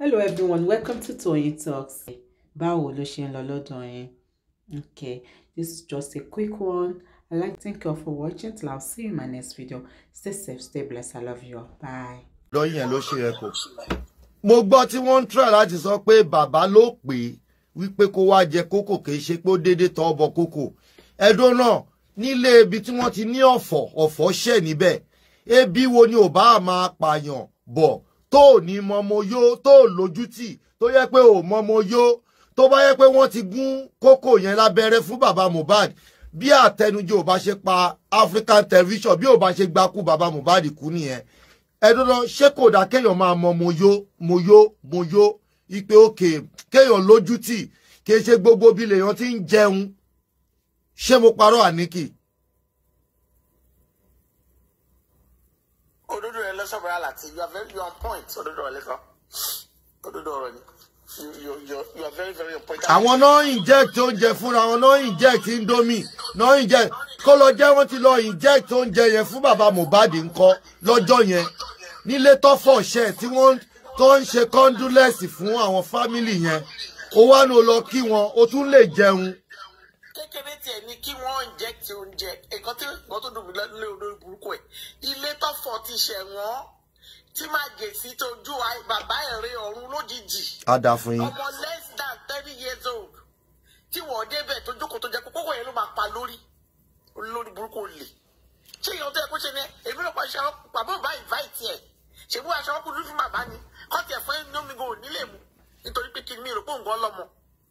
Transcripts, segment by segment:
hello everyone welcome to Toyeen Talks báwo ló ṣe ń lọ lọ́dọ̀ yín okay this is just a quick one i like to thank you all for watching till i'll see you in my next video stay safe stay blessed i love you all bye. lọ́yìn ló ṣe ẹ̀kọ́ mo gbọ́ tí wọ́n ń try láti sọ pé bàbá ló pè é wípé kó wá jẹ kókò kì ṣe pé ó déédéé tọ́ ọbọ̀ kókò ẹ̀dọ́ náà nílé ibi tí wọ́n ti ní ọ̀fọ̀ ọ̀fọ̀ ṣẹ̀ níbẹ̀ ebi wo ni ò bá máa pààyàn bọ̀ tó ní mọmọ yó tó lójútì tó yẹ pé ò mọmọ yó tó bá yẹ pé wọ́n ti gún kókó yẹn lábẹ́rẹ́ fún bàbá Mohbad bí àtẹnujẹ ò bá ṣe pa African Television bí ò bá ṣe gbakú bàbá Mohbad kú nìyẹn ẹdọdọ ṣé kò dá kéèyàn máa mọ moyó moyó moyó ipe òkè kéèyàn lójútì kì í ṣe gbogbo bí lèèyàn ti ń jẹun ṣé mo parọ́ àníkì Professor Brother Latif, you are very on point. Òdodo ọ̀rọ̀ lẹ́kọ̀ọ́. Òdodo ọ̀rọ̀ ni. You, you, you are very very on point. Àwọn náà inject oúnjẹ fúnra wọn náà inject indomie náà inject kó lọ jẹ́ wọ́n ti lọ inject oúnjẹ yẹn fún bàbá Mohbad ńkọ́ lọ́jọ́ yẹn nílé tọ́fọ̀ ṣẹ́ tí wọ́n tó ń ṣe condolence fún àwọn fámìlì yẹn ó wá ní o lọ kí wọn o tún lè jẹun kékeré tiẹ̀ ni kí wọ́n jẹ́ ti oúnjẹ nǹkan tí nǹkan tó dùn mí lọ́lé olórí burúkú ẹ̀ ilé tọ́fọ̀ ti ṣẹ̀ wọ́n tí máa jèsí tójú bàbá ẹ̀rẹ́ ọ̀run lójijì. ọmọ less than thirty years old tí wọ́n débẹ̀ tó jókòó tó jẹ́ pé kókó yẹn ló máa pa lórí olórí burúkú olè. ṣé ìyẹn tó yẹ kó ṣe ni èmi ló pa aṣọ bàbá ò bá invite ẹ̀ ṣé bó aṣọ ọkùnrin fún bàbá ni kọ́ọ̀tì ẹ̀fọ́ ẹ̀ ní omi gan ò nílé mu nítorí pé kí mi rò pé òǹgọ́ lọ́mọ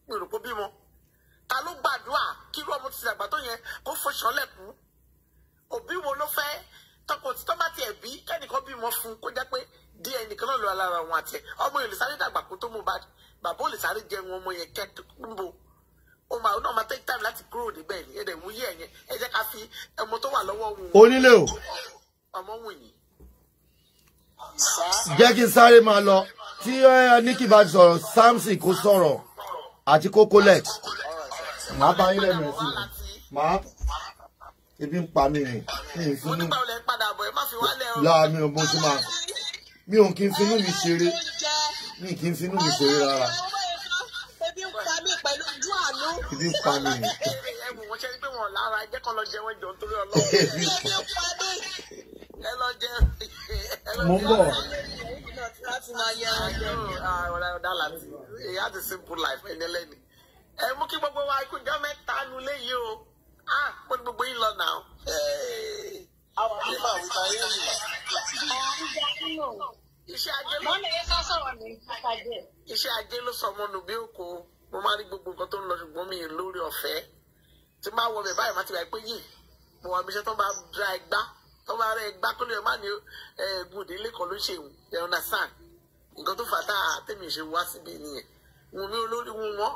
mi rò pé ta ló gbàdúrà kí irú ọmọ ti dàgbà tó yẹn kó fòṣàn lẹ́kù òbí wo ló fẹ́ tọkọ tí tọ́ba tiẹ̀ bí kẹ́nìkan bímọ fún kó jẹ́ pé díẹ̀ nìkan náà lọ alára wọn àti ọmọ yẹn lè sáré dàgbà kó tó mú bá bàbá ò lè sáré ọmọ yẹn kẹ́tù níbo ó máa náà máa take time láti kúrò níbẹ̀ ni ẹ̀dẹ̀ mú yí ẹ̀yẹn ẹ jẹ́ ká fi ọmọ tó wà lọ́wọ́ wù. onílé o ọmọ wù yìí. jẹ́ kí n sáré máa lọ tí eh, Nikki bá sọ̀rọ̀ Samson kó sọ̀rọ̀ àti kókólẹ̀ màá bá yín lẹ́nu ẹ̀sìn màá ebi ń pa mí ni mi ò finú láàmì ọmọ tó máa mi ò kí n finú mi ṣeré mi kì í finú mi ṣeré rárá. ebi ń pa mí pẹ̀lú ojú àánú. ebi ń pa mí ni. mo ń bọ̀. láti máa yẹ ọjọ́ ah, ọ̀dà láti èyí ti simple life ẹni ẹlẹ́ni ẹ mú kí gbogbo wa já mẹ́ta nu léyìí o a pé gbogbo yín lọ nà ó. àwọn àgbà òkúta yẹn wù wá. iṣẹ́ ajé ló iṣẹ́ ajé ló sọ ọmọ nù bí òkò mo máa rí gbogbo nǹkan tó ń lọ ṣùgbọ́n mi lórí ọ̀fẹ́ tí máa wọ bẹ̀ báyìí má ti rà pé yìí mo wà bíṣẹ́ tó bá dra ẹgbá tó bá rẹ ẹgbá kó lè má ní ẹ̀ẹ́gùn ìdílé kan ló ṣe ìrùn ẹ̀rọ náà sàn nǹkan tó fà á tèmi ṣe wá síbi nìyẹn wùn mí olórí wùn wọ́n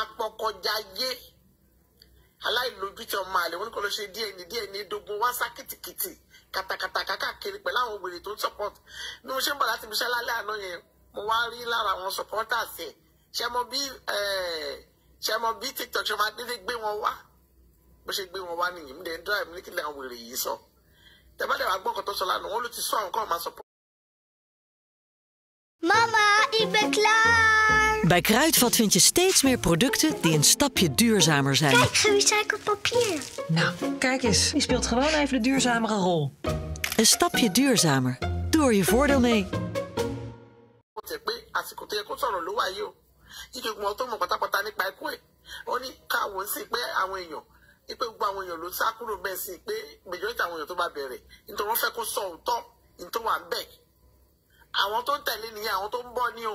apọkọjáyé aláìlójútì ọmọ àlè wọn ní lọ ṣe díẹ̀ ní díẹ̀ ní dogun wá sá kìtìkìtì kàtàkàtà kákàkiri pẹ̀lú àwọn obìnrin tó ń support bí mo ṣe ń bọ̀ láti ibiṣẹ́ lálẹ́ àná yẹn mo wá rí lára àwọn supporters ẹ̀ ṣe mọ bí eh, ṣe mọ bí tiktok ṣe máa dédé gbé wọn wá bó ṣe gbé wọn wá nìyí mo dẹ̀ ń drive ní kílẹ̀ àwọn wèrè yìí sọ tẹ́bàdẹ̀ wàá gbọ́kàn tó sọ lánàá wọn ló ti sọ àwọn kan máa mama ibẹ̀ class. Bij Kruidvat vind je steeds meer producten die een stapje duurzamer zijn. Kijk, gerecycled papier. Nou, kijk eens. Je speelt gewoon even de duurzamere rol. Een stapje duurzamer. Doe er je voordeel mee. Ik ben àwọn tó ń tẹ̀lé o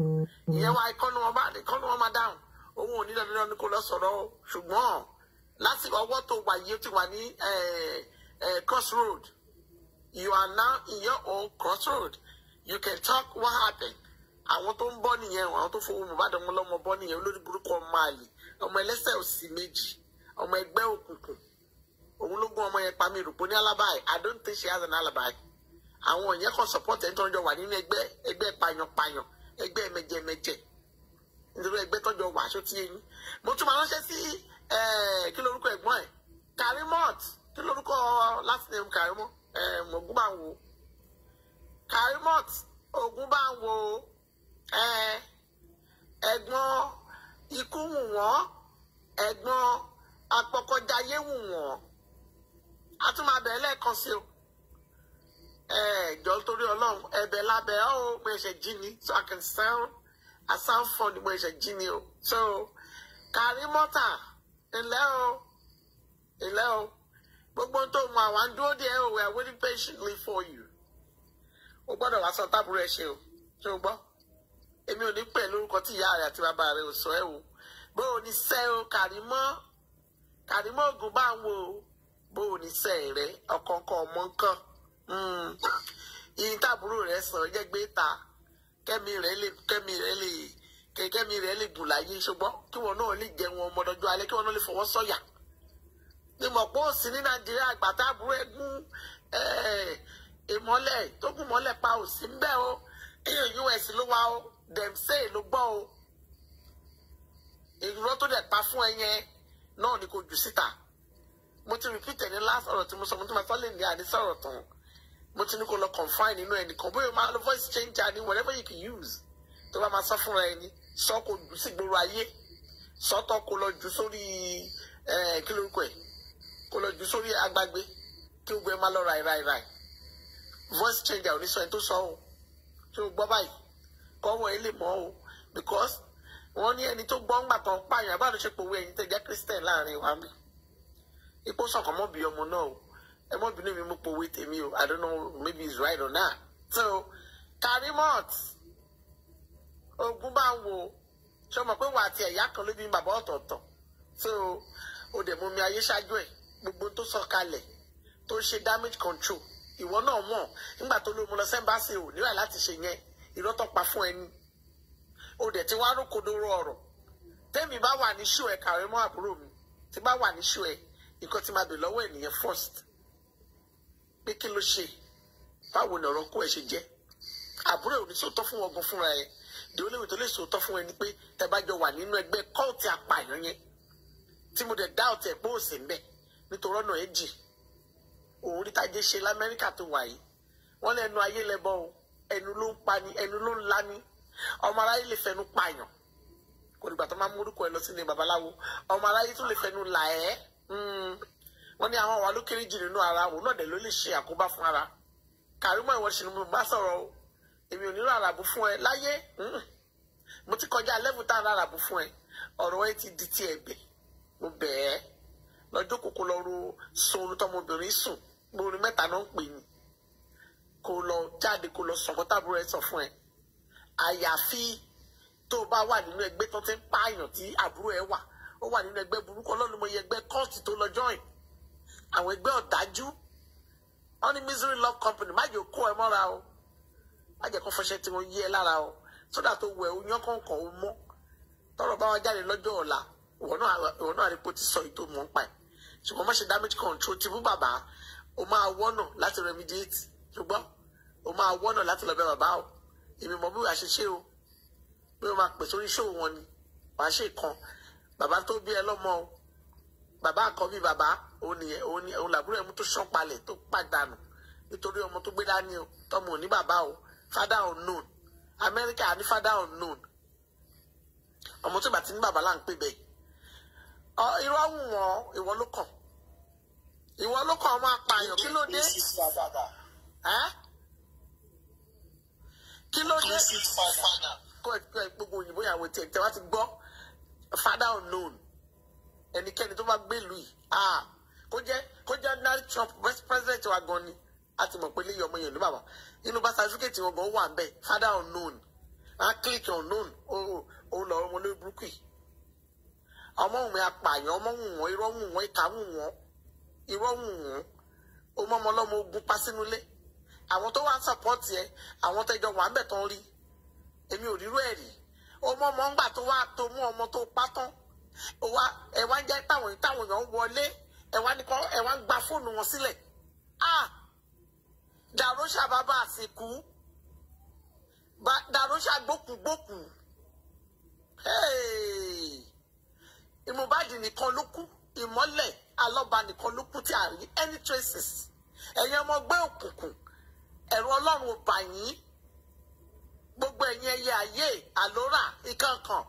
Mm-hmm. ìyẹn wa ìkọlù wọn bá dáhùn òun ò ní dandan ni kò lọ sọ̀rọ̀ ṣùgbọ́n láti ọwọ́ tó wà yìí ti wà ní cross road you are now in your own cross road you can talk what happen àwọn tó ń bọ́ nìyẹn àwọn tó fowó Mohbad ọmọ ọlọ́mọ bọ́ nìyẹn olórí burúkú ọmọ àlè ọmọ ẹlẹ́sẹ̀ òsì méjì ọmọ ẹgbẹ́ òkùnkùn òun ló gún ọmọ yẹn pa mí rògbò ní alibi I don't think she has an alibi àwọn yẹn kàn support ẹ̀ ń tọ́jọ́ wà nínú ẹgbẹ́ ẹgbẹ́ payanpayan ẹgbẹ́ mẹjẹmẹjẹ nítorí ẹgbẹ́ tọ́jọ wà aṣọ tí eyín mo tún máa ránṣẹ́ sí eh, kí lorúkọ ẹ̀gbọ́n ẹ̀ Karimot kí lorúkọ last name Karimot eh, ogun bá ń wo Karimot ogun bá ń wo eh, ẹ̀gbọ́n ikú wù wọ́n ẹ̀gbọ́n apọkọjáyé wù wọ́n a tún máa bẹ̀rẹ̀ lẹ́ẹ̀kan sí o ẹjọ eh, torí Ọlọ́run ẹ̀bẹ̀ lábẹ ọ mo ẹsẹ jí ni so I can sound I sound fun mo ẹsẹ jí ni o so Karimota ńlẹ́ o ńlẹ́ o gbogbo tó mọ àwọn dúró díẹ̀ o we are waiting patiently for you o gbọ́dọ̀ wá sọ tábùrù ẹ ṣe o ṣé o gbọ́ èmi ò ní pè lórúkọ tí ìyá rẹ àti bàbá rẹ ò sọ ẹ o bó o ní sẹ o Kàrímọ́ Kàrímọ́ ògùn bá ń wo o bó o ní sẹ rẹ ọkọọkọ ọmọ nǹkan. Hmm. yìí táàbúrò rẹ sọ jẹ́ gbé ta kẹ́mi rẹ lè kẹ́mi rẹ lè kẹ́mi rẹ lè dùn láyé ṣùgbọ́n kí wọn náà lè jẹ wọn ọmọdọ́jọ́ alẹ́ kí wọn náà lè fọwọ́ sọ̀yà ni mọ̀ pé òsì ní nàìjíríà àgbà táàbúrò ẹ̀gún ìmọ́lẹ̀ tó gùn mọ́lẹ̀ pa òsì ń bẹ́ o èèyàn us ló wá o dem say ló gbọ́ o ìrọ́ tó dẹ̀ pa fún ẹ yẹn náà ni kò jù síta mo ti repeat ẹ̀ ní last ọ̀rọ̀ tí mo sọ mo ti máa sọ ní àdísọ̀rọ̀ tán. But you ní kó confine nínú ẹnì kan bóyá o voice changer ni whatever you can use tó bá máa sọ fúnra ẹni sọ kó jù sí gbòòrò ayé sọtọ kó lọ jù sórí kí lórúkọ ẹ kó lọ jù sórí agbágbé kí o gbé má lọ ráì ráì ráì voice changer oníṣọ ẹni tó sọ o tó gbọ́ báyìí kọ́ wọ́n ẹ lè mọ̀ o because wọ́n ní ẹni tó gbọ́ ń gbà kan pààyàn àbáàdó ṣe pòwe ẹ̀yìn christian land wa mi ipò sọ̀kan mọ́ bí ọmọ náà o ẹ mọ bínú mi mo powó tèmi o i don't know maybe he's right or not so Karimot ogun bá ń wo ṣé mo pé wà á ti ẹ̀yà kan ló bí bàbá ọ̀tọ̀ọ̀tọ̀ so o dẹ̀ mú mi ayé ṣáájú ẹ̀ gbogbo tó sọ kalẹ̀ tó ṣe damage control ìwọ náà mọ̀ nígbà tó ló mú lọ sẹ́ńbàṣì ò níwà láti ṣe yẹn irọ́ tó pa fún ẹni o dẹ̀ ti wá rókòdóró ọ̀rọ̀ tẹ́mi bá wà ní ṣó ẹ̀ Karimot àbúrò mi tí bá wà ní ṣó ẹ̀ nǹkan tí máa bè lọ́wọ́ ẹ̀ first pé kí ló ṣe báwo ni ọ̀rọ̀ kó ẹ ṣe jẹ́ àbúrò ò ní sòótọ́ fún ọgbọ́n fúnra ẹ di olóyè tó lè sòótọ́ fún ẹni pé tẹ bá jọ wà nínú ẹgbẹ́ kọ́ọ̀tì apààyàn yẹn tí mo dẹ̀ dá ọ̀tẹ̀ pé òsì ń bẹ̀ nítorí ọ̀nà ẹ̀ jì òun rí tájé ṣe lamẹ́ríkà tó wà yìí wọ́n lẹ́nu ayé lẹ́bọ̀ o ẹnu ló ń pani ẹnu ló ń lani ọmọ aráyé lè fẹnu pààyàn kò dìgbà tó máa mú orúkọ ẹ lọ sí ilé babaláwo ọmọ aráyé tún lè fẹnu là ẹ́ hmm wọ́n ní àwọn wa ló kéré jù nínú ara òun náà dẹ̀ ló lè ṣe àkóbá fún ara Kàrímọ́ ìwọ Tinubu bá sọ̀rọ̀ o èmi ò nílò àràbù fún ẹ láyé hmm. mo ti kọjá lẹ́bù tá àràbù fún ẹ ọ̀rọ̀ ẹ ti di ti ẹ̀bẹ̀ mo bẹ̀ ẹ́ lọ́jọ́ kòkó lọ ro sunrun tọmọbìnrin sùn gbòòrò mẹ́ta náà ń pè ní kó lọ jáde kó lọ sọ̀kọ́ táàbùrọ̀ ẹ sọ fún ẹ àyàfi tó o bá wà nínú ẹgbẹ́ tó ti ń pààyàn tí àbúrò ẹ wà ó wà nínú ẹgbẹ́ burúkú ọlọ́run mo yẹ ẹgbẹ́ kọ́ọ̀tù tó lọ join àwọn ẹgbẹ́ ọ̀dájú wọn ní misery love company má jẹ́ kó ẹ mọ́ra o má jẹ́ kó fọṣẹ tí wọ́n yí ẹ lára o sódà tó wẹ̀ ó yán kọ̀ọ̀kan ó mọ́ tọrọ bá wọn jáde lọ́jọ́ ọ̀la ìwọ náà àrípò ti sọ ètò mọ̀ pa ẹ̀ ṣùgbọ́n má ṣe damage control ti mú bàbá o máa wọ́nà láti remediate ṣùgbọ́n o máa wọ́nà láti lọ bẹ bàbá o èmi mọ̀ bí wàá ṣe ṣe o bí wọ́n máa pè sórí ṣòwò wọn ni wàá ṣe kan bàbá tó bí ẹ lọ́mọ o bàbá àkọ́bí bàbá òun làbúrò ẹ̀ mú tó sán palẹ̀ tó pàdánù nítorí ọmọ tó gbé dání o tọmọ òní bàbá o father unknown Amẹ́ríkà ní father unknown ọmọ tó bá ti ní bàbá là ń pè bẹ́ẹ̀ irú àwọn wọn ìwọ ló kàn ìwọ ló kàn ọmọ apààyàn kí ló dé kí ló dé kó gbogbo òyìnbó yàwó tiẹ̀ tẹ́ wá ti gbọ́ father unknown ẹnikẹ́ni tó bá gbé ìlú yìí ah kó jẹ́ kó Trump vice president wa gan ni a ti mọ̀ pé léyìn ọmọ yẹn ló bàbá inú bá certificate wọn gan wà ń bẹ̀ father unknown a click unknown ó lọ ọmọ lórí burúkú yìí ọmọ òun mi apààyàn ọmọ òun wọn irọ́ òun wọn ìka òun wọn irọ́ òun wọn ọmọ ọmọ ọlọ́mọ ogun pa sínú ilé àwọn tó wá ń sọpọ́ọ̀tì ẹ àwọn tẹjọ wà ń bẹ̀ tán rí èmi ò rírú ẹ̀ rí ọmọ ọmọ ńgbà tó wá tó mú ọmọ tó pátán ẹ wá jẹ́ táwọn èèyàn wọlé ẹ wá ní kọ́ ń gba fóònù wọn sílẹ̀ ah dàrósà bàbá àsìkú dàrósà gbókùgbókù ìmùbádìí nìkan ló kú ìmọ́lẹ̀ alọ́ba nìkan ló kú tí a rí any traces ẹ̀yin ọmọ ẹgbẹ́ òkùnkùn ẹ̀rù ọlọ́run ò bà yín gbogbo ẹ̀yin ẹyẹ ayé àlórà ìkankan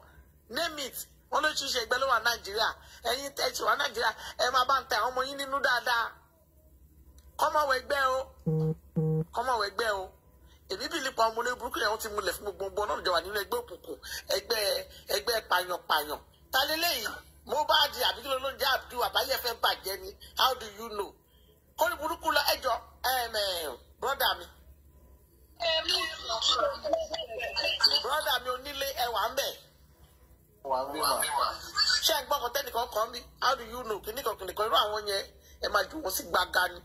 name it wọn lóṣìṣẹ ẹgbẹ́ ló wà nàìjíríà ẹ̀yin tẹsí wà nàìjíríà ẹ máa bá ń tẹ àwọn ọmọ yín nínú dáadáa kọmọwé ẹgbẹ́ o kọmọwé ẹgbẹ́ o èmi bí lípa ọmọ ní burúkú yẹn wọn ti múlẹ̀ fún gbogbo ọmọ náà jọ nínú ẹgbẹ́ òkùnkùn ẹgbẹ́ ẹgbẹ́ pààyàn-pààyàn ta lélẹyìí Mohbad àbí kílódé lóúnjẹ àbí àbáyé fẹ́ bàjẹ́ ni how do you know kórè burúkú lọ ẹjọ́ brọdà mi brọdà mi onílé ẹwà ń bẹ ṣé ẹgbọ́n kan tẹ́nìkan kàn mí how do you know kìnnìkan kìnnìkan irú àwọn yẹn ẹ máa jù wọ́n sí gbàgà ni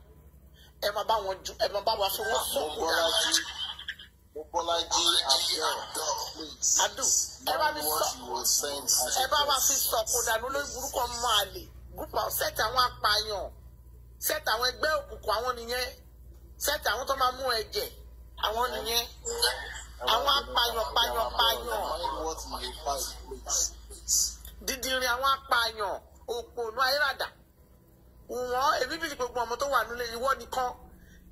ẹ máa bá wọn ju ẹ máa bá wọn fún wọn fún kò dáa. mo bọ́lájí abdul please ẹ bá mi fi sọ dànù lórí burúkú ọmọ àlè gúpọ̀ sẹ́ẹ̀tì àwọn apààyàn sẹ́ẹ̀tì àwọn ẹgbẹ́ òkùnkùn àwọn nìyẹn sẹ́ẹ̀tì àwọn tó máa mú ẹ̀jẹ̀ àwọn nìyẹn àwọn apààyàn pààyàn pààyàn dídìrín àwọn apààyàn òpònú ayérada wọn èmi bìí gbogbo ọmọ tó wà nílé ìwọ nìkan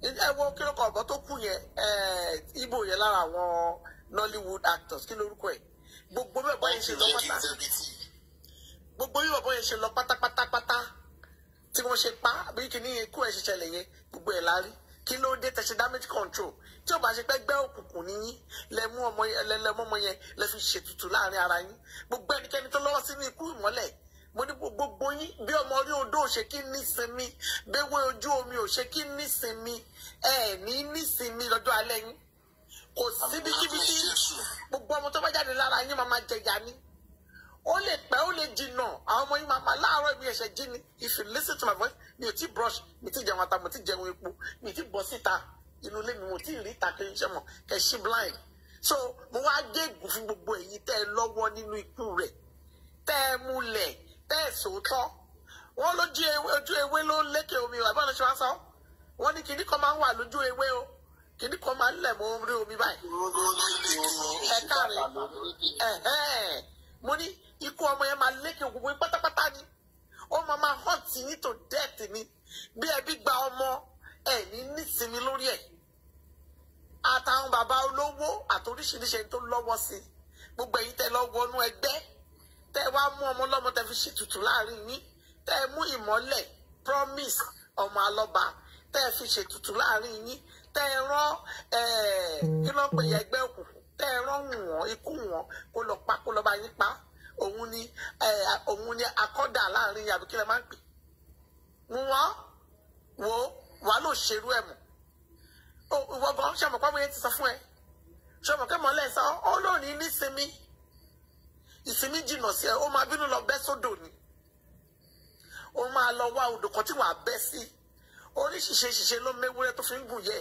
ẹ wo kí ló ọbọ tó kù yẹn ibo yẹn lára àwọn Nollywood actors kí lórúkọ ẹ gbogbo bí ọbọ yẹn ṣe lọ pátá gbogbo bí ọbọ yẹn ṣe lọ pátápátápátá tí wọn ṣe pa bí kìíní ikú ẹ ṣiṣẹlẹ yẹn gbogbo ẹ lárí kí ló dé tẹ̀sí damage control tí ó bá ṣe pé gbẹ́ òkùnkùn níyí lẹ mú ọmọ lẹ mú ọmọ yẹn lẹ fi ṣètùtù láàrin ara yín gbogbo ẹnikẹ́ni tó lọ́wọ́ sínú ikú ìmọ́lẹ̀ mo ní gbogbo yín bí ọmọ orí odó ò ṣe kí ní sinmi béwé ojú omi ò ṣe kí ní sinmi ẹ ní ní sinmi lọ́jọ́ yín kò síbikíbi tí gbogbo ọmọ tó bá jáde lára yín máa máa jẹ̀yà ni ó lè pẹ́ ó lè jìnnà àwọn ọmọ yìí máa máa láàárọ̀ mi ẹ̀ṣẹ̀ jí ni if you listen to my voice mi ò tí brush mi ti jẹun ata mo ti jẹun epo mi ti bọ́ síta inú ilé mi mo ti rí ìta kí n ṣe mọ̀ kẹ́ ṣí blind so mo wá gégùn fún gbogbo èyí tẹ́ ẹ lọ́wọ́ nínú ikú rẹ̀ tẹ́ ẹ múlẹ̀ tẹ́ ẹ sòótọ́ wọ́n lójú e, ojú ewé ló lékè omi ọ̀ àbáwọn ṣe wá sọ wọ́n ní kinní kan máa ń wà lójú ewé o kinní kan máa ń lẹ̀ mọ́ orí omi báyìí ẹ̀ka rẹ̀ mo ní ikú ọmọ yẹn máa lékè gbogbo yín pátápátá ni ó máa máa hàn tí yín tó dẹ́ẹ̀tì ni bí ẹbí gba ọmọ ẹ̀ ní nísìmí lórí ẹ̀ àtàwọn bàbá olówó àtòríṣiríṣi ẹni tó lọ́wọ́ sí gbogbo èyí tẹ lọ wọnú ẹgbẹ́ tẹ wá mú ọmọ ọlọ́mọ tẹ fi ṣètùtù láàrin yín tẹ mú ìmọ́lẹ̀ promise ọmọ alọ́ba tẹ fi ṣètùtù láàrin yín tẹ rán kí ló ń pè yẹ ẹgbẹ́ òkùnkùn tẹ rán wọn ikú wọn kó lọ pa kó lọ bá yín pa òun ni eh, òun ni akọ́dà láàrin yàrá kí lè máa ń pè wọ́n wo wàá lò ṣerú ẹ̀ mọ̀ ìwọ gan ṣọmọ pàmò yẹn ti sọ fún ẹ ṣọmọ kẹmọ lẹsọ ọ nísinmi ìsinmi jìnnà sí ẹ ó máa bínú lọ bẹ́ sódò ni ó máa lọ wá odò kan tí wàá bẹ́ sí oríṣiṣe ṣiṣe ló méwúrẹ́ tó fi ń gùn yẹ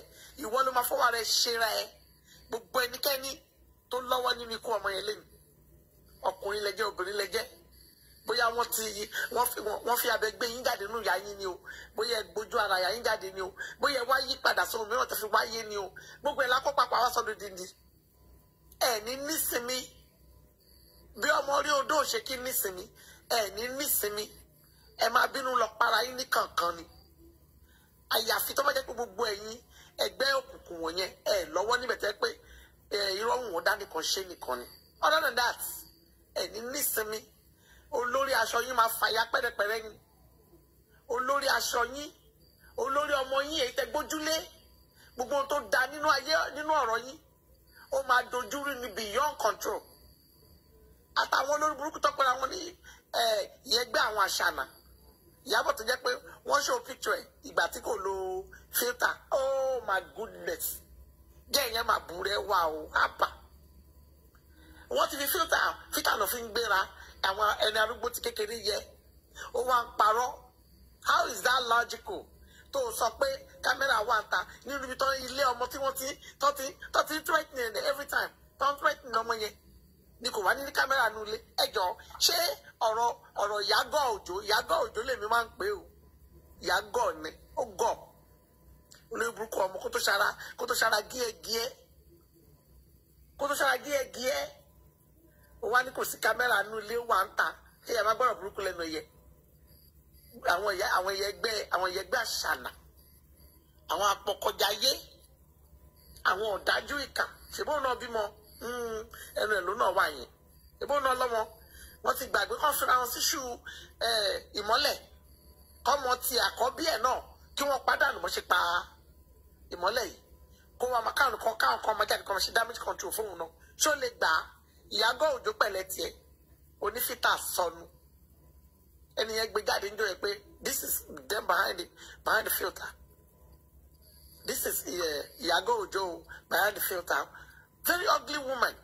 ìwọ ló máa fọwọ́ rẹ ṣera ẹ gbogbo ẹnikẹ́ni tó lọ́wọ́ nínú ikú ọmọ yẹn lẹ́nu ọkùnrin lẹjẹ obìnrin lẹjẹ bóyá wọ́n ti wọ́n fi abẹ gbé yín jáde nù yá yín ni o bóyá gbójú ara yá yín jáde ni o bóyá wá yí padà sóhun mìíràn tó fi wáyé ni o gbogbo ẹ lákọ papọ̀ àwọn sọdún dìndín ẹ ní nísinmi bí ọmọ orí odó ò ṣe kí nísinmi ẹ ní nísinmi ẹ máa bínú lọ para yín ní kankan ni àyàfi tó bá jẹ́ pé gbogbo ẹ̀yin ẹgbẹ́ òkùnkùn wọ̀nyẹn ẹ lọ́wọ́ níbẹ̀ tẹ́ pé irọ́ wùn ó dá nìkan ṣe nìkan ni other than that ẹni nísinmi olórí aṣọ yín máa fàyà pẹ́rẹpẹ́rẹ́ ni olórí aṣọ yín olórí ọmọ yín èyí tẹ́ gbójúlé gbogbo ohun tó da nínú ayé nínú ọ̀rọ̀ yín ó máa dojúrú ni beyond control àtàwọn olórí burúkú tọpẹ́ ra wọn ní ìyẹgbẹ́ àwọn àṣànà ìyàbọ̀ tó jẹ́ pé wọ́n show picture ẹ̀ ìgbà tí kò lo filter oh my goodness jẹ́ ìyẹn máa bù rẹ wá o àbá wọ́n ti fi fíltà fíltà lọ fi ń gbéra àwọn ẹni arúgbó ti kékeré yẹ ó wá ń parọ́ how is that logical tó o sọ pé kámẹ́rà wà ta ní ibi tán ilé ọmọ tí wọ́n ti tọ́ ti tọ́ ti threatening every time tọ́ ń threatening ọmọ yẹn ni kò wá ní kámẹ́rà nu ilé ẹjọ́ ṣé ọ̀rọ̀ ọ̀rọ̀ ìyágọ́ òjò ìyágọ́ òjò lèmi máa ń pè ó ìyágọ́ ni ó gọ̀ olóyè burúkú ọmọ kó tó ṣara kó tó ṣara gíẹ́gíẹ́ kó tó ṣara gíẹ́gíẹ́ ó wá ní kò sí kámẹ́rà nínú ilé wà ń ta ẹ̀yà máa gbọ́dọ̀ burúkú lẹ́nu ẹ̀yẹ àwọn ẹ̀yà àwọn ẹ̀yẹ ẹgbẹ́ àwọn ẹ̀yẹ ẹgbẹ́ àṣànà àwọn apọkọjáyé àwọn ọ̀dájú ìkà ṣèbọn náà bímọ hmm, ẹnu ẹ̀ ló náà wà yẹn ṣèbọn náà lọ́mọ wọ́n ti gbàgbé kọ́ fúnra wọn síṣù ìmọ́lẹ̀ kọ́mọ ti àkọ́bí ẹ̀ náà kí wọ́n pàdánù bó ṣe pa ìmọ́lẹ̀ yìí kó wọn máa káwọn kan káwọn kan máa jáde kan máa ṣe damage control fóun náà ṣó lè gbà á Ìyábọ̀ Òjó pẹ̀lẹ́ tiẹ̀ onífítà sọnù ẹnìyẹn gbé jáde ń jọ this is them behind the behind the filter this is iyago eh, Òjó behind the filter very ugly woman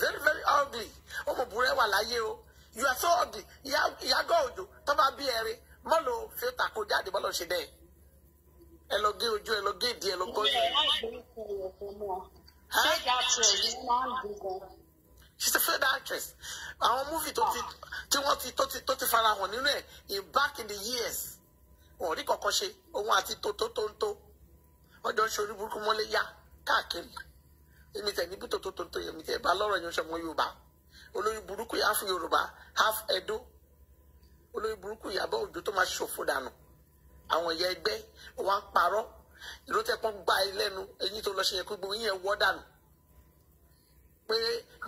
very very ugly ọmọbìnrin wà láyé o you are so ugly Ìyábọ̀ Òjó tó bá bí ẹrin lo filter kó jáde mọ́lò ṣe dẹ́ ẹ lọ gé ojú ẹ lọ gé ìdí ẹ lọ gọ́ ṣé ìyá she's a failed actress Our movie, tó ti tí wọ́n ti tó ti tó farahàn nínú ẹ̀ in back in the years wọn ò rí kankan ṣe òun àti tó tó tó ń tó wọ́n jọ ń ṣe orí burúkú mọ́lé yá káàkiri èmi tẹ̀ níbi tó tó tó ń tó èmi tẹ̀ bá lọ́rọ̀ yẹn ṣọmọ Yorùbá olórí burúkú yà fún Yorùbá half Edo olórí burúkú Ìyábọ̀ Òjó tó máa ṣòfò dànù àwọn ìyá ẹgbẹ́ wọn parọ́ ìlú tẹ́pọ́n gbá ilẹ́nu eyín tó lọ ṣe yẹn kó gbogbo yín yẹn wọ́ dànù pé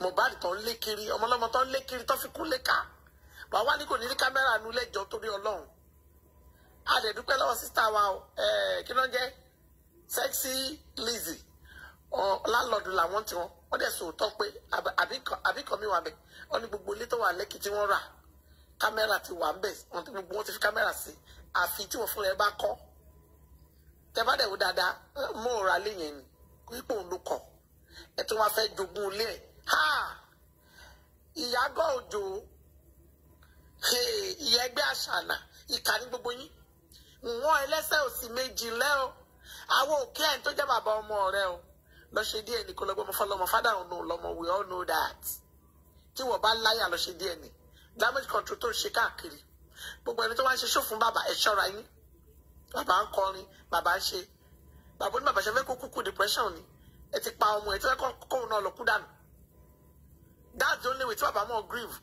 Mohbad tó ń lé kiri ọmọlọ́mọ tó ń lé kiri tó fi kú léka wàá wá ní kò ní rí kámẹ́rà nu lẹ́jọ́ torí ọlọ́run a lọ́wọ́ sísá wa kí ló ń jẹ́ sexy Lizzy lálọ́ọ̀dù làwọn tiwọn wọ́n dẹ̀ sòótọ́ pé àbíkọ́ mi wà bẹ̀ wọ́n ní gbogbo ilé tó wà lẹ́kì tí wọ́n rà kámẹ́rà ti wà ń bẹ̀ wọ́n ti gbogbo wọn ti fi kámẹ́rà sí àfi tí wọ́n fúnra ẹ bá kọ́ tẹ bá dẹ̀ wò dáadáa mọ́ ọ̀rọ̀ alẹ́ yẹn ni ipò òun ló ẹ tún wá fẹ́ jogún ilé ha Ìyábọ̀ Òjó ìyá ẹgbẹ́ àṣàlà ìkà ní gbogbo yín wọn ẹlẹ́sẹ̀ òsì méjì lẹ́ o àwọn òkè ẹ̀ tó jẹ́ bàbá ọmọ rẹ o lọ ṣe ní kó lọ gbọ́mọ fọlọ́mọ fádà òun oh we all know that tí wọ́n bá láyà lọ ṣe ní damage control tó ń ṣe káàkiri gbogbo ẹni tó wá ń ṣe ṣòfún bàbá ẹ̀ ṣọ́ra yín bàbá ń kọrin bàbá ń ṣe bàbá ní bàbá ṣe fẹ́ kó kúkú depression ni ẹ ti pa ọmọ ẹ ti fẹ́ kóun náà lọ kú dànù that's the only way tí bàbá mọ̀ grieve.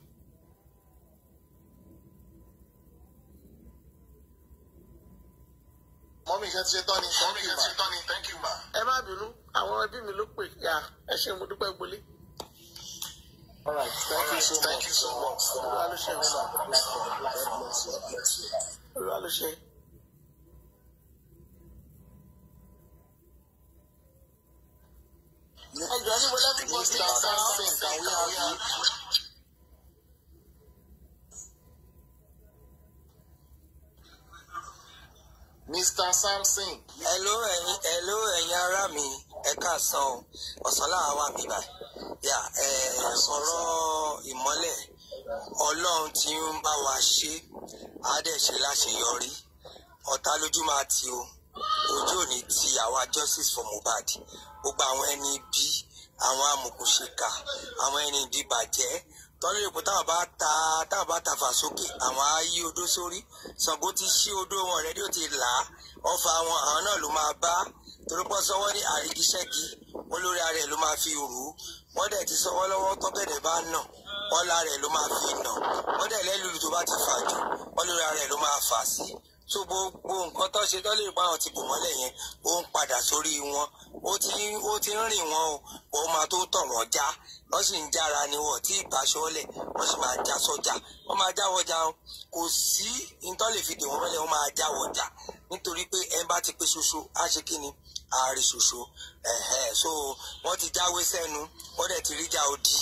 mọ́mí ìṣe ti ṣe tán ni mọ́mí ìṣe ti ṣe tán ni thank you ma. ẹ má bínú àwọn ẹbí mi ló pè ya ẹ ṣe mo dúpẹ́ gbolé. All Thank All right. you so Thank much. Thank you so much. those things are sent we are you. Mr. Samson. Hello, hello, ẹ̀yin ará mi, ẹ káàsán o, ọ̀sán láàárọ̀ wà bíbá. Yà ẹ sọ̀rọ̀ ìmọ́lẹ̀ Ọlọ́run tí ń bá wa ṣe á dẹ̀ ṣe láṣeyọrí. Ọ̀tá lójú máa ti o, ojú ò ti àwa justice for Mohbad. Gbogbo àwọn ẹni bíi àwọn amòkùnṣèkà àwọn ẹni ìdìbàjẹ́ tọ́lú èpò táwọn bá ta táwọn bá ta fà sókè àwọn á yí odó sórí Ṣàngó ti ṣí odó wọn rẹ yóò ti là á ọfà wọn àwọn náà ló máa bá torípọ̀ sọ́wọ́ ní àrígiṣẹ́gi olórí ara ẹ̀ ló máa fi rù ú wọ́n dẹ̀ ti sọ́wọ́ lọ́wọ́ tọ́gẹ̀dẹ̀ bá nà ọ̀la rẹ̀ ló máa fi nà wọ́n dẹ̀ lẹ́lùlù tó bá ti fà jù olórí ara ẹ̀ ló máa fà sí i so gbogbo nǹkan tó ṣe lọ́lẹ̀ ìpá wọn ti bò mọ́lẹ̀ yẹn ó ń padà sórí wọn ó ti ó ti ń rìn wọn o ó máa tó tàn wọ́n já wọ́n sì ń jára ni wọ́n tí ìbáṣọ lẹ̀ wọ́n sì máa já sọ́jà wọ́n máa jáwọ́ já wọn kò sí ìtọ́lẹ̀ fi dè wọ́n mọ́lẹ̀ wọ́n máa jáwọ́ já nítorí pé ẹ bá ti pé ṣoṣo á ṣe kí ni ààrẹ ṣoṣo so wọ́n ti jáwé sẹ́nu wọ́n dẹ̀ ti rí já odi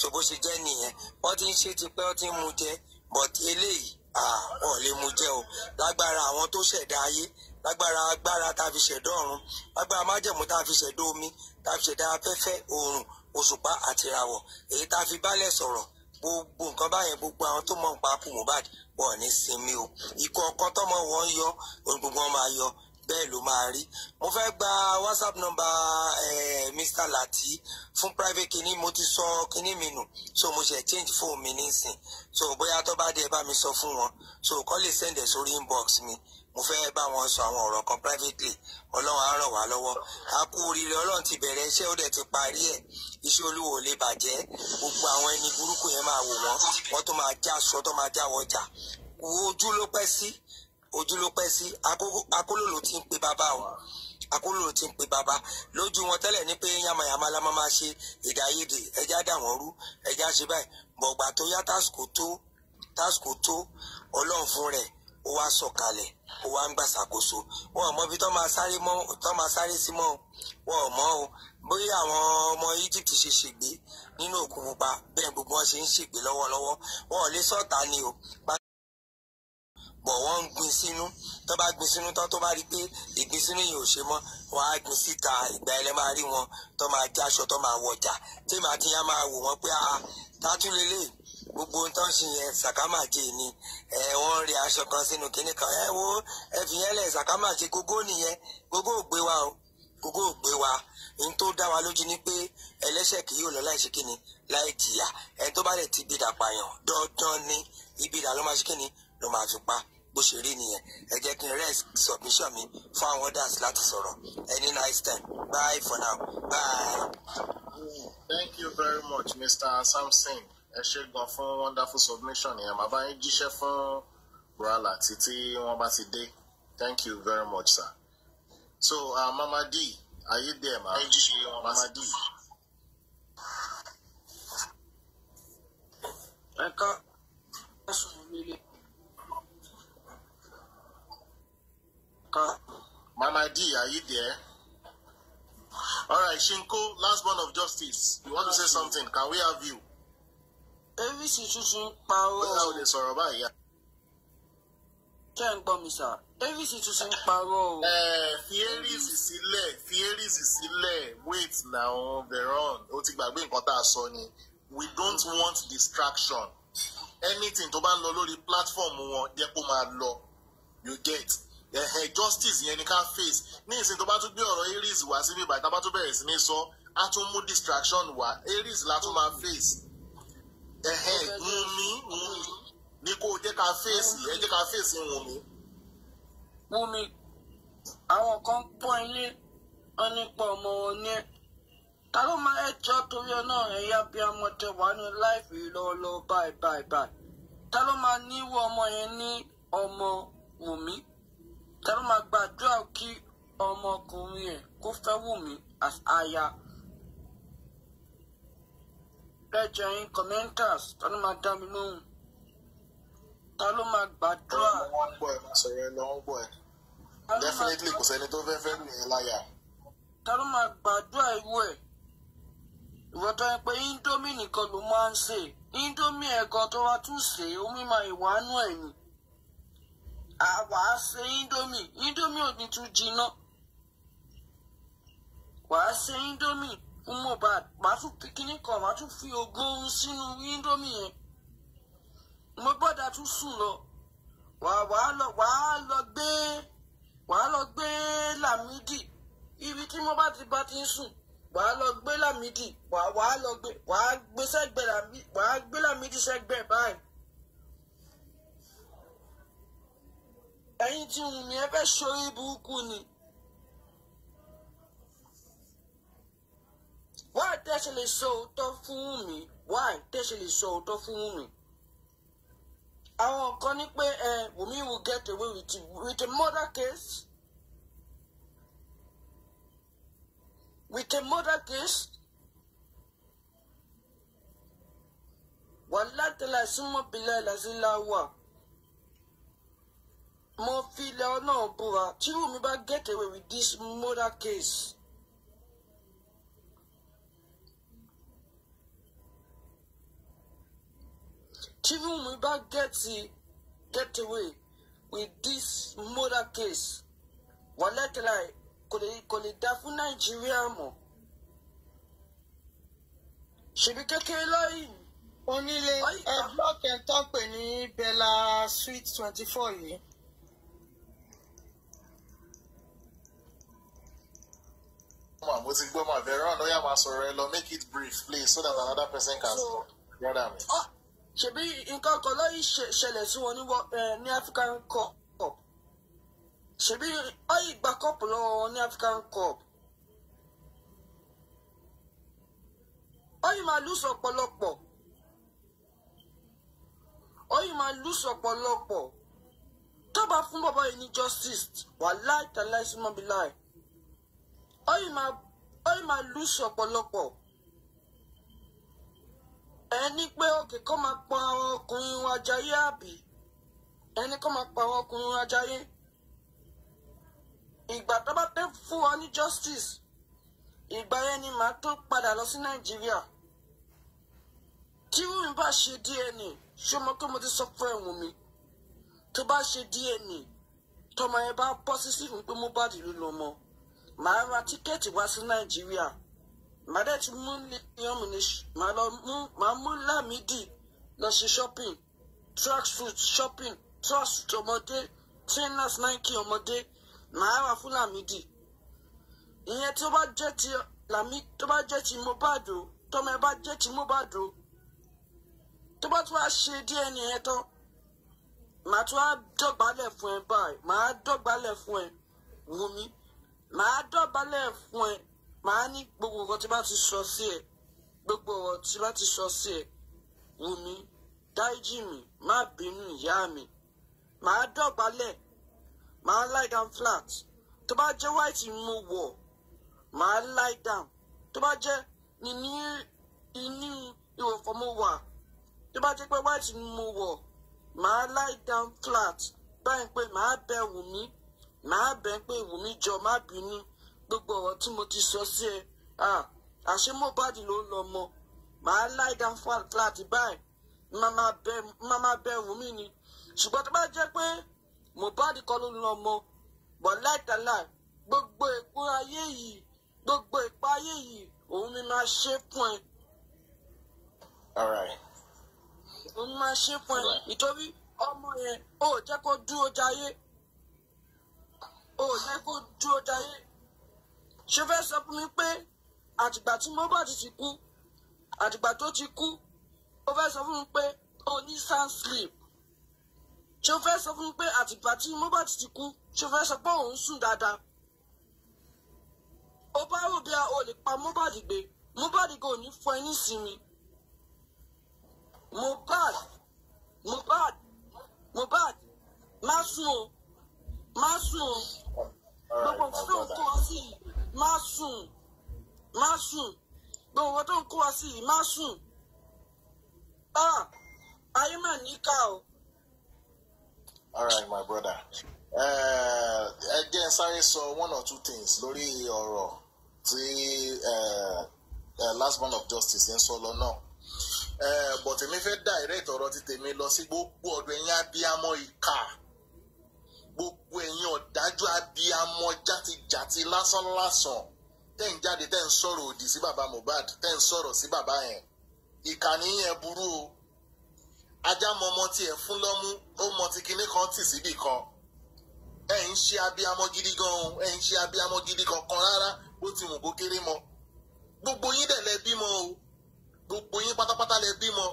so bó ṣe jẹ́ nìyẹn wọ́n ti ń ṣe tipẹ́ wọ́n ti ń mu jẹ but eléyìí wọn ò lè mú jẹ o lágbára àwọn tó ṣẹ̀dá ayé lágbára agbára tá a fi ṣẹ̀dá ọ̀run lágbára májẹ̀mú tá a fi ṣẹ̀dá omi tá a fi ṣẹ̀dá afẹ́fẹ́ oòrùn òṣùpá àti ìràwọ̀ èyí tá a fi bálẹ̀ sọ̀rọ̀ gbogbo nǹkan báyẹn gbogbo àwọn tó mọ̀ nípa Mohbad wọn ò ní sinmi o ikú ọkọ tọmọ wọn yọ gbogbo wọn máa yọ bẹ́ẹ̀ ló máa rí mo fẹ́ gba whatsapp number eh, Mr Lati fún private kinní mo ti sọ kinní mi nù so mo ṣe change phone mi nísìn so bóyá tó bá dé bá mi sọ fún wọn so kọ́ lè send ẹ̀ sórí inbox mi mo fẹ́ bá wọn sọ àwọn ọ̀rọ̀ kan privately ọlọ́run á ràn wá lọ́wọ́ a kú oríire ọlọ́run ti bẹ̀rẹ̀ iṣẹ́ ó dẹ̀ ti parí ẹ̀ iṣẹ́ olúwo lè bàjẹ́ gbogbo àwọn ẹni burúkú yẹn máa wò wọ́n wọ́n tó máa já aṣọ tó máa já wọ́n jà ojú ló pẹ́ sí. Si ojú ló pẹ́ sí akólòlò tí ń pe bàbá o akólòlò tí ń pe bàbá lójú wọn tẹ́lẹ̀ ní pé yamayama la máa ṣe èdè àìyedè ẹja dà wọ́n rú ẹja ṣe báyìí bọ̀gbà tó yá tásìkò tó tásìkò tó ọlọ́run fún rẹ̀ ó wá sọ̀kalẹ̀ ó wá ń gbà ṣàkóso wọn ò mọ ibi tó máa sáré mọ́ tó máa sáré sí mọ́ wọn ò mọ̀ o bóyá àwọn ọmọ Egypt ṣe ṣègbè nínú òkun pupa bẹ́ẹ̀ gbogbo wọn ṣe ń ṣègbè lọ́wọ́lọ́wọ́ wọn ò lè sọ̀tà ni o bọ̀ wọ́n ń gbin sínú tó bá gbin sínú tán tó bá rí pé ìgbin sínú yìí ò ṣe mọ́ wọ́n á gbin síta ìgbà ẹlẹ́ máa rí wọn tó máa já aṣọ tó máa wọjà tí màá ti yá máa wò wọ́n pé a ah, tátúlélẹ̀ gbogbo ohun tó ń ṣe yẹn sàkámàjẹ ni ẹ wọ́n ń rí aṣọ kan sínú kinní kan ẹ wo ẹ fi yẹn lẹ̀ sàkámàjẹ gógó nìyẹn gógó ò gbé wa o gógó ò gbé wa n tó dá wa lójú ni pé ẹlẹ́ṣẹ̀ kì yóò lọ láìsí kíni láì jìyà ẹni tó bá lè ti bí dàpàyàn dandan ni ibi ìdá ló máa ṣe kíni ló máa fi pa bó ṣe rí nìyẹn ẹ jẹ́ kí n rest submission mi fún àwọn others láti sọ̀rọ̀ any nice time bye for now bye. thank you very much mr samson ẹ ṣe gan fún wonderful submission yẹn màá bá yín jíṣẹ́ fún burala títí wọ́n bá ti dé thank you very much sir so uh, mama d ayé dé ẹ̀ máa jíṣẹ́ mama d. ẹ ká ẹ sọ̀rọ̀ nílé. Amaka. Mama D, are you there? All right, Shinko, last one of justice. You want to say something? Can we have you? Every situation power. Bóyá o lè sọ̀rọ̀ báyìí ya. Ṣé ń Every situation power. Ẹ fi Aries sílẹ̀ fi Aries sílẹ̀ wait now Veron o ti gbàgbé nǹkan tá a we don't want distraction anything to ban ń lọ platform wọn jẹ́ kó máa you get ẹ̀hẹ̀ justice yẹn ni ká face ní ìsìn tó bá tún gbé ọ̀rọ̀ Aries wá síbi ìbàdàn tá bá tún bẹ̀rẹ̀ sí ní sọ á tún mú distraction wá Aries la tún máa face ẹ̀hẹ̀ Wùnmí Wùnmí ni kò jẹ́ ká face ẹ jẹ́ ká face Wùnmí. Wùnmí àwọn kan pọ̀ ilé wọn nípa ọmọ wọn ní ta ló máa ẹ jọ torí ọ náà ẹ yá bí ọmọ tẹ wà ní láìpẹ́ lọ́ọ́lọ́ọ́ báyìí báyìí báyìí ta ló máa níwọ ọmọ yẹn ní ọmọ Wùnmí ta ló máa gbàdúrà kí ọmọkùnrin ẹ̀ kó fẹ́ Wùmí as aya lẹ́jẹ̀ yín commenters ta ló máa dá mi lóhùn ta ló máa gbàdúrà. wọ́n ń gbọ́ ẹ̀ máa sọ̀rọ̀ ẹ lọ ń gbọ́ ẹ̀ definitely kò sẹ́ni tó fẹ́ẹ́ fẹ́ nìyẹn láyà. ta ló máa gbàdúrà irú ẹ̀ ìwọ tó yẹ pé indomie nìkan ló máa ń ṣe indomie ẹ̀gọ́ tó wá tún ṣe omi máa ìwà nú ẹ̀yìn àwa ṣe índómì índómì ò ní tún jiná wàá ṣe índómì ń mọ̀ bá wàá tún kíní kan wàá tún fi ogún sínú índómì yẹn mo gbọ́dọ̀ tún sùn lọ wàá wàá lọ wàá lọ gbé wàá lọ gbé làmídì ibi tí mo bá ti bá ti ń sùn wàá lọ gbé làmídì wàá wàá lọ gbé wàá gbé sẹ́gbẹ̀ẹ́ làmídì wàá gbé làmídì sẹ́gbẹ̀ẹ́ báyìí. ẹ̀yin tí Wùnmí ẹ fẹ́ ṣorí burúkú ni. wáá tẹ́sí lè sọ òótọ́ fún Wùnmí wáá tẹ́sí lè sọ òótọ́ fún Wùnmí. àwọn kan ní pé ẹ Wùnmí will get away with, it, with a murder case. with a murder case. wàhálà tẹ̀lé àsìmọ́ bílẹ̀ làṣìláwà mo fi ilẹ̀ ọlọ́run búra tí Wùmí bá get away with this murder case. tí Wùmí bá get get away with this murder case wàlẹ́kẹ̀lá kò lè dá fún Nàìjíríà mọ́ ṣèbí kékeré lọ́yìn onílé ẹ blọọkì ẹ tán pè ní Bella Suite twenty four yìí. ma mo ti gbọ́ ma Veron lọ́yà máa sọ̀rọ̀ ẹ lọ make it brief please so that another person can so, brother mi. Ah, ṣebí nǹkan kan lọ́yìn ṣẹlẹ̀ sí wọn ní eh, African Cup ṣebí ọyìn gba cup lọ́wọ́ wọn ní African Cup ọyìn máa lùsọ̀ ọ̀pọ̀lọpọ̀ ọyìn máa lùsọ̀ ọ̀pọ̀lọpọ̀ tó fún bàbá yìí ní justice wàhálà ìtàláìsímọ́bí láì ó yìí máa ó yìí máa lùsì ọ̀pọ̀lọpọ̀ ẹni pé òkè kó máa pa àwọn ọkùnrin wọn Àjàyí àbí ẹni kó máa pa ọkùnrin wọn Àjàyí ìgbà tó bá tẹ́ fún ọ ní justice ìgbà yẹn ni màá tó padà lọ sí Nàìjíríà tí Wùmí bá ṣe DNA ṣé mo kí mo ti sọ fún ẹ̀wọ̀n mi tó bá ṣe DNA tọmọ ẹ bá bọ́ sí sí fún pé Mohbad ló lọ mọ́ màá ra tíkẹ́ẹ̀tì wá Nigeria. nàìjíríà màá dẹ̀ ti mú leon munish màá lọ mú màá mú lámìdí lọ sí shopping trust food shopping trust ọmọdé trainers nike ọmọdé màá ra fún lámìdí ìyẹn tó bá jẹ́ ti làmí tó bá jẹ́ ti Mohbad o tọmọ ẹ bá jẹ́ ti Mohbad o tó bá tún wá ṣe díẹ̀ nìyẹn tán màá tún wá dọ̀gbálẹ̀ fún ẹ báyìí màá dọ̀gbálẹ̀ fún ẹ wùmí màá dọ̀bálẹ̀ fún ẹ màá ní gbogbo nǹkan tí bá ti sọ sí ẹ gbogbo ọ̀rọ̀ tí bá ti sọ sí ẹ wù mí dáríjì mi má bínú ìyá mi màá dọ̀bálẹ̀ màá lie down flat tó bá jẹ́ white mo wọ̀ màá lie down tó bá jẹ́ nínú inú ìwòfọ̀ mo wà tó bá jẹ́ pé white mo wọ̀ màá lie down flat báyìí pé màá bẹ̀ wù mí màá bẹ pé Wùmí jọ má bínú gbogbo ọ̀rọ̀ tí mo ti sọ sí ẹ àṣé Mohbad ló ń lọ mọ màá láì dá flat báyìí má má bẹ Wùmí ni ṣùgbọ́n tó bá jẹ́ pé Mohbad kọ́ ló ń lọ mọ bọ̀ láìtàlá gbogbo èpo ayé yìí gbogbo ìpa ayé yìí òun ni máa ṣe fún ẹ. òun máa ṣe fún ẹ nítorí ọmọ yẹn ó jẹ́ kó dúró jayé ò yẹ kó dúró dayé ṣe fẹ́ sọ fún mi pé àtìgbà tí Mohbad ti kú àtìgbà tó ti kú ó fẹ́ sọ fún mi pé ó ní sand sleep ṣe fẹ́ sọ fún mi pé àtìgbà tí Mohbad ti kú ṣe fẹ́ sọ pé òun sùn dáadáa ó bá rò bí a ò lè pa Mohbad gbé Mohbad kò ní fọ ẹ nísìnyí Mohbad Mohbad Mohbad má sùn o má sùn o gbogbo nǹkan tó ń kó wa sí yìí má sùn má sùn gbogbo nǹkan tó ń kó wa sí yìí má sùn ah, ayé mà níkà o. all right my brother eh, ẹ jẹ́ ẹ sáré sọ one or two things lórí ọ̀rọ̀ tí eh, eh, last man of justice ń sọ lọ náà bọ̀tẹ̀mí fẹ́ direct ọ̀rọ̀ ti tèmi lọ sí gbogbo ọ̀dọ̀ ẹ̀yin abiyamọ ìkà gbogbo ẹ̀yin ọ̀dájú abiyamọ játijàti lásánlásán tẹ́ ń jáde tẹ́ ń sọ̀rọ̀ òdì sí bàbá Mohbad tẹ́ ń sọ̀rọ̀ sí bàbá yẹn ìkànnì yẹn burú o ajá mọ ọmọ tiẹ̀ fún lọ́mú ó mọ ti kinní kan tì síbì kan ẹ̀ ń ṣe abiyamọ gidi gan o ẹ̀ ń ṣe abiyamọ gidi kankan rárá ó ti wù kó kéré mọ gbogbo yín dẹ̀ lẹ bímọ o gbogbo yín pátápátá lẹ bímọ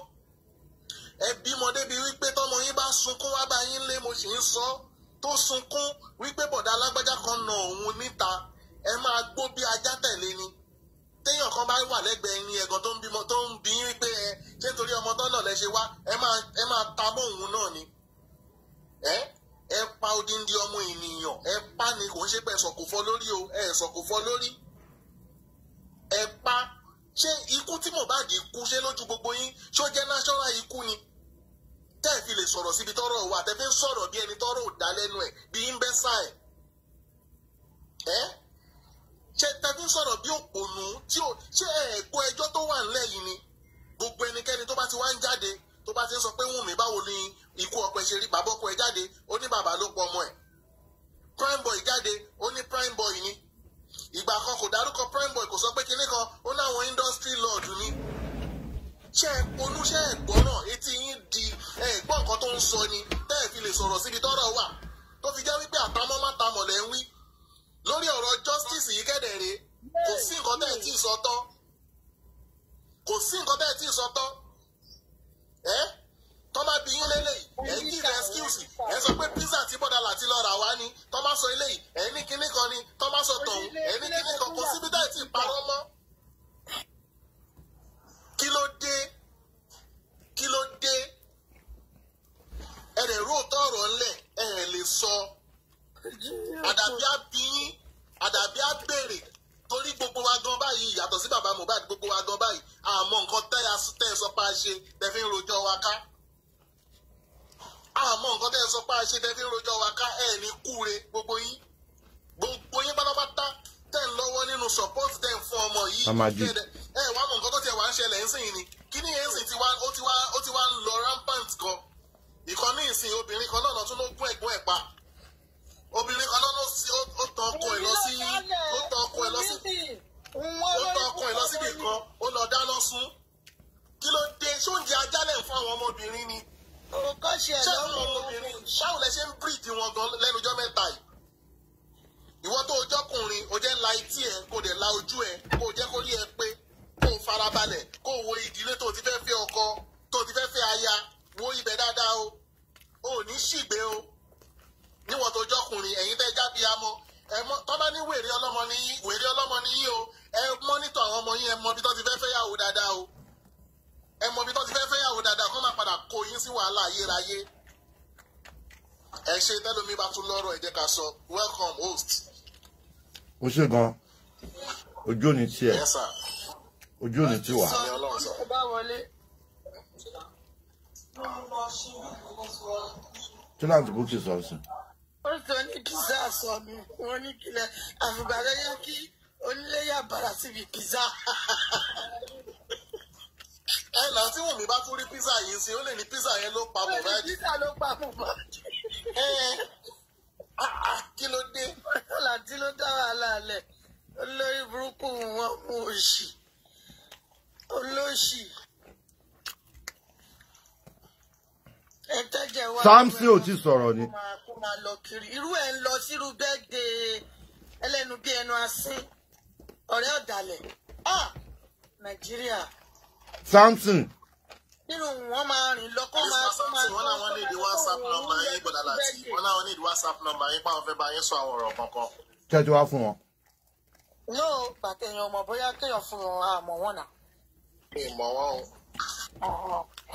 ẹ bímọ débi wípé tọmọ yín bá sunkún wá bá yín lé mo sì ń sọ ọ́ tó sunkún wípé bọ̀dá alágbájá kan nà òun níta ẹ máa gbó bí ajá tẹ̀lé ni téèyàn kan bá wà lẹ́gbẹ̀ẹ́ ẹni ẹ̀gàn tó ń bímọ tó ń bí wípé ẹ ṣé torí ọmọ tọ́nà lẹ ṣe wá ẹ máa ta mọ́ òun náà ni ẹ pa odindi ọmọ ènìyàn ẹ pa ni kò ń ṣe pé ẹ fọ́ lórí o ẹ sọ̀kò fọ́ lórí ẹ pa ṣé ikú tí Mohbad kú ṣe lójú gbogbo yín ṣó jẹ́ náṣọ́ra ikú ni tẹ́ ẹ̀ fi lè sọ̀rọ̀ síbi tọ́rọ̀ wà tẹ́ fi ń sọ̀rọ̀ bí ẹni tọ́rọ̀ ò dá lẹ́nu ẹ̀ bí ń bẹ́ sá ẹ̀ ẹ́ ṣe tẹ́ fi ń sọ̀rọ̀ bí òpònú tí ò ṣe ẹ̀ ẹjọ́ tó wà ńlẹ̀ yìí ni gbogbo ẹnikẹ́ni tó bá ti wá ń jáde tó bá ti ń sọ pé Wùnmí báwo ni ikú ọkọ ẹ ṣe rí bàbá ọkọ ẹ jáde ó ní bàbá ló pọ̀ ọmọ ẹ̀ amagi. ẹ wá mọ nǹkan tó tiẹ̀ wá ń ṣẹlẹ̀ ń sìn ni kí ni yẹn ń sìn tiwa ó tiwa ó tiwa ń lọ rampant gan ìkan ní ìsìn obìnrin kan náà tún ló gún ẹ̀gbọ́n ẹ̀ pa obìnrin kan náà ó tan ọkọ ẹ̀ lọ sí ó tan ọkọ ẹ̀ lọ sí ó tan ọkọ ẹ̀ lọ síbì kan ó lọ dáná sun kí ló dé ṣóúnjẹ ajálẹ̀ fún àwọn ọmọbìnrin ni ṣé àwọn ọmọbìnrin ṣáwọn lẹ ṣe ń bíríìdì wọn gan lẹ́nu ọjọ́ mẹ́ta yìí ìwọ tó o jọkùnrin o jẹ́ la etí ẹ̀ kó o dẹ̀ la ojú ẹ̀ kó o jẹ́ kó rí ẹ pé kó o farabalẹ̀ kó o wo ìdílé tó o ti fẹ́ fẹ́ ọkọ tó o ti fẹ́ fẹ́ aya wo ibẹ̀ dáadáa o o ní ṣìgbé o níwọ̀n tó jọkùnrin ẹ̀yin fẹ́ jábí amọ́ tọ́ba ní wèrè ọlọ́mọ ní yín wèrè ọlọ́mọ ní yín o ẹ mọ́nítọ̀ àwọn ọmọ yín ẹ mọ ibi tó ti fẹ́ fẹ́ yàwó dáadáa o ẹ mọ ibi tó ti fẹ́ fẹ́ yàwó dáadáa kó má padà kó yín sí wàhálà ayérayé ẹ ṣe tẹ́lómi bá tún lọ́rọ̀ ẹ jẹ́ ká sọ welcome host ó ṣe gan ojú òní tiẹ̀ ojú òní ti wà. kí láǹtì bókì sọ sí. ó sọ ní pizza sọ mi wọn ní kílẹ̀ àfìgbà tó yẹ kí onílé yà bàrà síbi pizza. ẹ là tí Wùnmí bá tún rí pizza yìí sí ó lè ní pizza yẹn ló pa Mohbad. pizza ló pa Mohbad. ẹ ẹ ah, ah, kí ló dé. Àlàdí ló dá wàhálà lẹ̀ olórí burúkú wọn mú òṣì olóṣì. Samson ò ti sọ̀rọ̀ ni. irú ẹ̀ ń lọ sírú bẹ́ẹ̀dẹ̀ ẹlẹ́nu bíi ẹnu asín ọ̀rẹ́ ọ̀dàlẹ̀ ah! nàìjíríà. Samson nínú wọn máa rìn lọ kọ́ máa tó máa tó wọn láwọn ní ìdí whatsapp number yín gbọ́dọ̀ láti wọn láwọn ní ìdí whatsapp number yín páwọn fẹ́ bá yín sọ àwọn ọ̀rọ̀ kankan. kí ẹ ti wá fún wọn. no pàtẹ́yìn ọmọ bóyá kéèyàn fún wọn àmọ́ wọn nà. mi mọ̀ wọ́n o.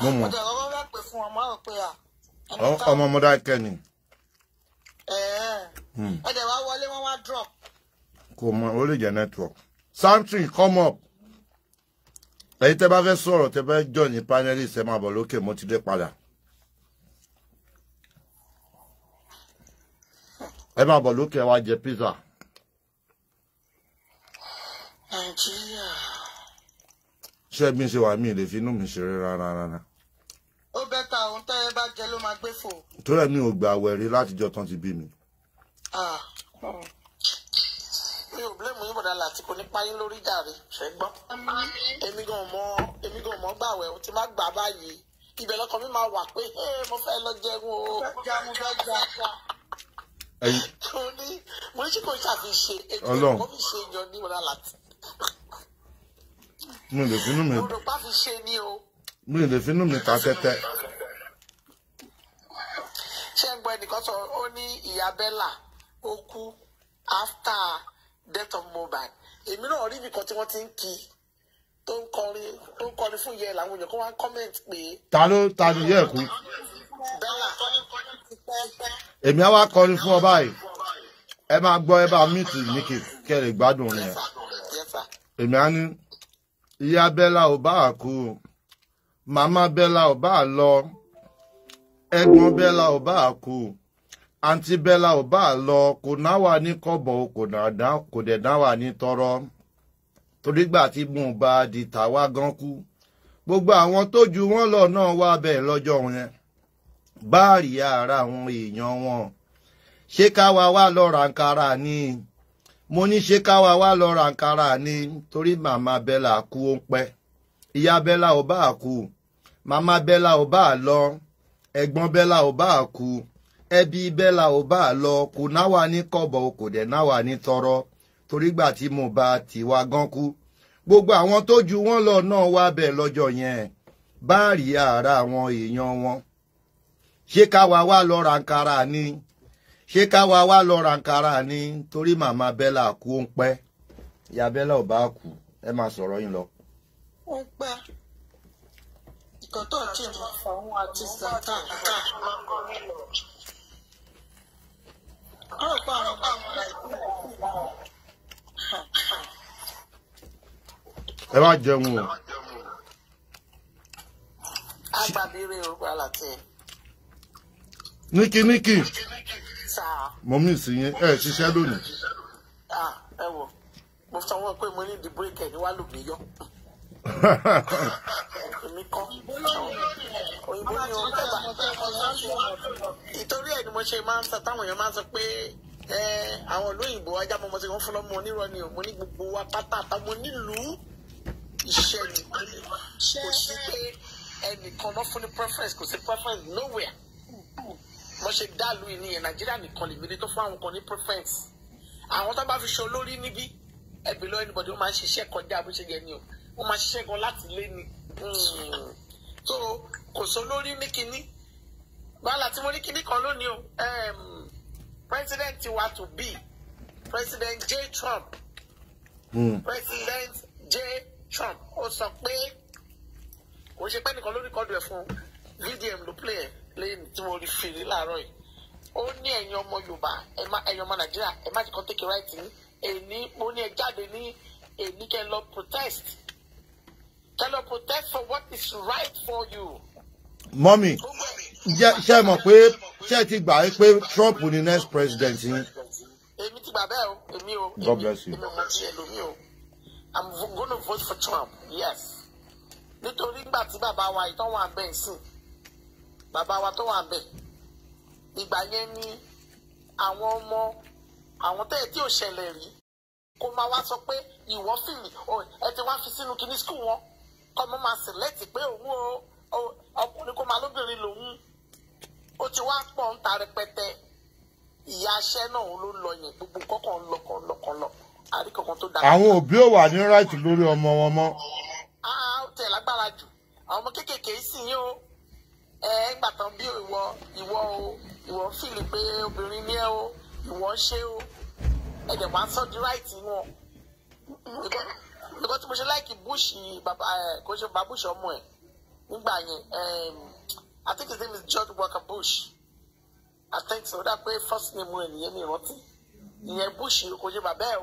mo mọ̀. ọ̀dọ̀ ọ̀rọ̀ bá pè fún ọmọ àwọn pé à. ọmọ ọmọdé kẹ́ni. ẹ̀ẹ́d ọ̀dẹ̀ hmm. wá wọlé wọn wá drop. kò mọ ó lè jẹ́ network something come up ẹ̀yin tẹ́ bá fẹ́ sọ̀rọ̀ tẹ́ fẹ́ jọ ní panelist ẹ máa bọ̀ lókè mo ti dé padà ẹ máa bọ̀ lókè wá jẹ pizza. nàìjíríà. ṣé bí ṣe wà mí ìlè fi inú mi ṣeré rárá rárá. ó bẹ́ta ohun tẹ́yẹ bá jẹ ló máa gbé fò. tó rẹ̀ mi ò gbà wẹ̀rí látijọ́ tán ti bí mi. àsìkò nípa yín lórí jàre ṣẹgbọn èmi gan mọ èmi gan mọ gbàwẹ̀ o ti má gbà báyìí ibẹ̀ lọ́kàn mi máa wà pé mo fẹ́ lọ jẹun o mo fẹ́ jẹun o ní mo ní ṣíkò ṣàfiṣe ètò ìkọ́ mi ṣe yan ní ọ̀la láti. mi ò lè finú mi òdòpá fi ṣe ni o. mi ò lè finú mi ta tẹ́tẹ́. ṣé ń gbọ́ ẹnìkan sọ ó ní ìyá bẹ́là ó kú after death of Mohbad èmi náà rí ibìkan tí wọ́n ti ń kí tó ń kọrin tó ń kọrin fún yẹ làwọn èèyàn kan wá comment pé. ta ló ta ni yẹ kú. èmi á wá kọrin fún ọ báyìí ẹ máa gbọ́ ẹ bá mìtì ní kẹrẹ gbádùn rẹ èmi á ní ìyá bẹ́là ò bá kú màmá bẹ́là ò bá lọ ẹ̀gbọ́n bẹ́là ò bá kú àǹtí bẹ́là ò bá lọ kò náwà ní kọ̀bọ̀ kò dẹ̀ náwà ní tọrọ torígbà tí mo bá di tàwa gan kú gbogbo àwọn tó ju wọn lọ náà wá bẹ́ẹ̀ lọ́jọ́ yẹn báàrí ara àwọn èèyàn wọn ṣé káwa wá lọ ràǹkàrà ni mo ní ṣé káwa wá lọ ràǹkàrà ni torí màmá bẹ́là kú ó ń pẹ́ ìyá bẹ́là ò bá kú màmá bẹ́là ò bá lọ ẹ̀gbọ́n bẹ́là ò bá kú ẹbí ibẹ̀ la ò bá lọ kò náwà ní kọ̀bọ̀ kò dẹ̀ náwà ní tọrọ torígbà tí mo bá tiwa gan kú gbogbo àwọn tó ju wọn lọ náà wá bẹ̀ lọ́jọ́ yẹn báàrí ara àwọn èèyàn wọn ṣé káwa wá lọ rànkàrà ni ṣé káwa wá lọ rànkàrà ni torí màmá bẹ́là kú ó ń pẹ́ ìyá bẹ́là ò bá kú ẹ máa sọ̀rọ̀ yín lọ. ó ń pẹ́ ìkọ́tọ̀ kí n máa fà àti sàtà ọ̀pọ̀ àwọn ọmọ nàìjíríà sì lára. ẹ má jẹun o. agbábíire orúkọ àlàtẹ. níkì níkì mọ̀mí sí yẹn ẹ ṣiṣẹ́ lónìí. ẹ wò mo sọ wọn pé mo ní ìdìbò ìkẹ́ni wà lóbi yọ èmi kọ́ òyìnbó ni àwọn olóyìnbó ajá mọmọ tí wọ́n fún lọ́mọ onírọ́ ni ní gbogbo wa pátá àtàwọn onílùú iṣẹ́ ni kò sí pé ẹnìkan lọ fún ní preference kò sí preference nowhere mo ṣe dàlú ìníyẹn nàìjíríà nìkan lè mílí tó fún àwọn kan ní preference àwọn tó bá fi ṣe olórí níbí ẹbí lọ anybody wọn máa ń kọjá bó ṣe yẹ ni o wọ́n máa ṣiṣẹ́ gan láti lé ni. Hmm. so kò sọ lórí ní kinní bàálà tí mo ní kinní kan lónìí o president wa to be president J Trump mm. president J Trump ó sọ pé kò ṣe pé nìkan lórí kọ́dù ẹ̀ fún VDM ló play ẹ̀ lẹ́yìn tí mo rí fèrè láàárọ̀ yìí ó ní ẹ̀yin ọmọ Yorùbá ẹ̀yin ọmọ Nàìjíríà ẹ̀ má ti kàn take right ní èní mo ní ẹ jáde ní èní kẹ́ lọ protest ẹ lọ protest for what is right for you. mọ́mì ṣe é mọ̀ pé ṣe é ti gbà é pé Trump ni next president yín. èmi ti gbà bẹ́ẹ̀ o èmi o God bless you. èmi mo ti ẹlòmí o I'm gonna vote for Trump yes nítorí ìgbà tí bàbá wa ìtàn wà bẹ́ẹ̀ sìn bàbá wa tó wà bẹ́ẹ̀ ìgbà yẹn ni àwọn ọmọ àwọn tẹ́ẹ̀ tí ò ṣẹlẹ̀ rí kó máa wá sọ pé ìwọ́fìlì oh, ẹ ti wá fi sínú kinní skul wọn kọ́mọ máa select pé òun o ọkùnrin kó máa lóbìnrin lòun ó ti wá pọ̀ ń ta rẹpẹtẹ ìyá aṣẹ́ náà òun ló lọ yẹn gbogbo kọ́kàn lọ́kàn lọ́kàn lọ àrí kankan tó dára. àwọn òbí ò wà ní right lórí ọmọ wọn mọ́. a ó tẹ̀ lágbára jù àwọn ọmọ kéékèèké sì yín o ẹ gbà tán bí ìwọ ìwọ o ìwọ fìlì pé obìnrin ni ẹ o ìwọ ṣe o ẹ dẹ̀ wá sọ́ di right wọn nǹkan tí mo ṣe láìkí bush kò ṣe bàbá bush ọmọ ẹ nígbà yẹn i think his name is george walker bush i think so ó dà pé first name rẹ nìyẹn mi rántí ìyẹn bush kò ṣe bàbá ẹ.